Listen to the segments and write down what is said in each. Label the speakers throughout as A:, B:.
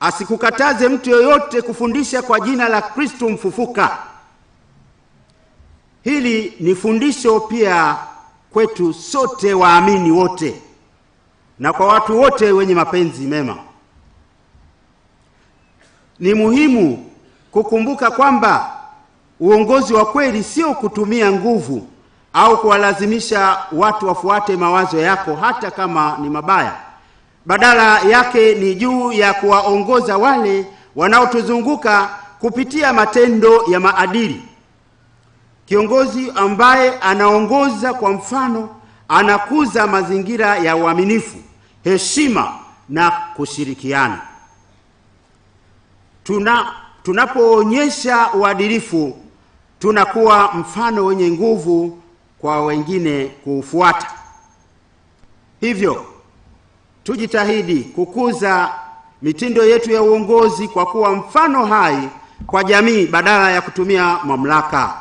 A: asikukataze mtu yoyote kufundisha kwa jina la Kristo mfufuka. Hili ni fundisho pia kwetu sote waamini wote na kwa watu wote wenye mapenzi mema. Ni muhimu kukumbuka kwamba uongozi wa kweli sio kutumia nguvu au kuwalazimisha watu wafuate mawazo yako hata kama ni mabaya badala yake ni juu ya kuwaongoza wale wanaotuzunguka kupitia matendo ya maadili. Kiongozi ambaye anaongoza kwa mfano anakuza mazingira ya uaminifu, heshima na kushirikiana. Tuna, tunapoonyesha uadilifu tunakuwa mfano wenye nguvu kwa wengine kuufuata. Hivyo tujitahidi kukuza mitindo yetu ya uongozi kwa kuwa mfano hai kwa jamii badala ya kutumia mamlaka.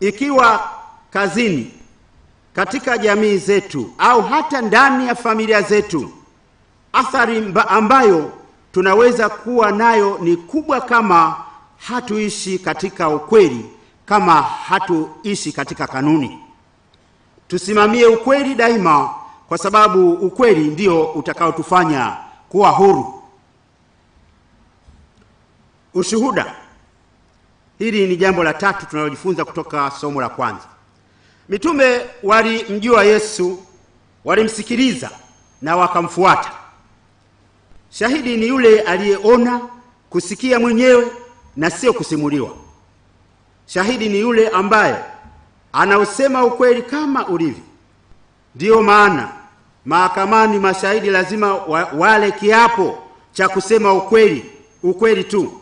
A: Ikiwa kazini, katika jamii zetu au hata ndani ya familia zetu, athari ambayo tunaweza kuwa nayo ni kubwa kama hatuishi katika ukweli, kama hatuishi katika kanuni. Tusimamie ukweli daima kwa sababu ukweli ndio utakaotufanya kuwa huru. Ushuhuda, hili ni jambo la tatu tunalojifunza kutoka somo la kwanza. Mitume walimjua Yesu, walimsikiliza na wakamfuata. Shahidi ni yule aliyeona, kusikia mwenyewe na sio kusimuliwa. Shahidi ni yule ambaye anausema ukweli kama ulivyo. Ndiyo maana mahakamani, mashahidi lazima wa, wale kiapo cha kusema ukweli, ukweli tu.